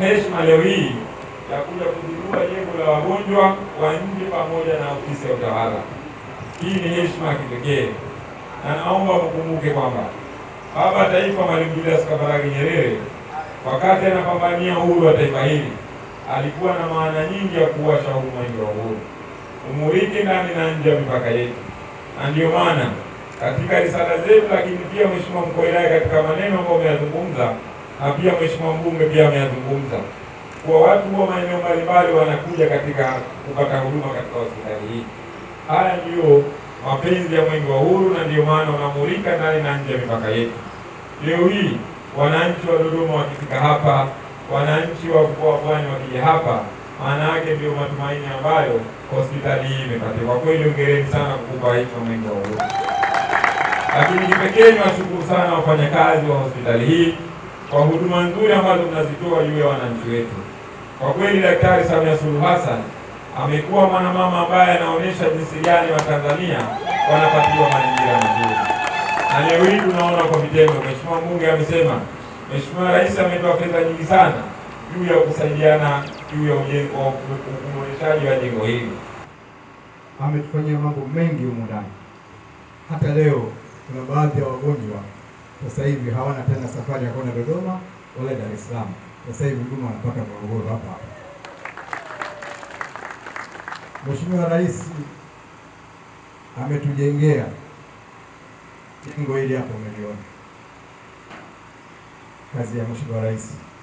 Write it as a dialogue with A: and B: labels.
A: heshima leo hii ya kuja kuzindua jengo la wagonjwa wa nje pamoja na ofisi ya utawala. Hii ni heshima ya kipekee, na naomba mkumbuke kwamba baba taifa Mwalimu Julius Kambarage Nyerere wakati anapambania uhuru wa taifa hili alikuwa na maana nyingi ya kuwasha umwenge wa uhuru umuriki ndani na nje ya mipaka yetu, na ndiyo maana katika risala zetu, lakini pia Mheshimiwa mkuu wa wilaya katika maneno ambayo ameyazungumza na pia mheshimiwa mbunge pia ameyazungumza kwa watu wa maeneo mbalimbali wanakuja katika kupata huduma katika hospitali hii. Haya ndiyo mapenzi ya mwenge wa uhuru, na ndiyo maana wanamulika ndani na nje ya mipaka yetu. Leo hii wananchi wa Dodoma wakifika hapa, wananchi wa mkoa wa Pwani wakija hapa, maana yake ndiyo matumaini ambayo hospitali hii imepatia. Kwa kweli, ongereni sana kukupa hicho mwenge wa uhuru. Lakini kipekee washukuru sana wafanyakazi wa hospitali hii kwa huduma nzuri ambazo mnazitoa juu ya wananchi wetu. Kwa kweli, Daktari Samia Suluhu Hassan amekuwa mwanamama ambaye anaonyesha jinsi gani Watanzania wanapatiwa mazingira mazuri, na leo hii tunaona kwa vitendo. Mheshimiwa mbunge amesema, Mheshimiwa Rais ametoa fedha nyingi sana juu ya kusaidiana juu ya uboreshaji wa jengo hili.
B: Ametufanyia mambo mengi humu ndani. Hata leo kuna baadhi ya wagonjwa sasa hivi hawana tena safari ya kwenda Dodoma wala Dar es Salaam. Sasa hivi huduma wanapata Morogoro hapa hapa. Mheshimiwa Rais ametujengea jengo hili hapo, umeliona kazi ya Mheshimiwa Rais.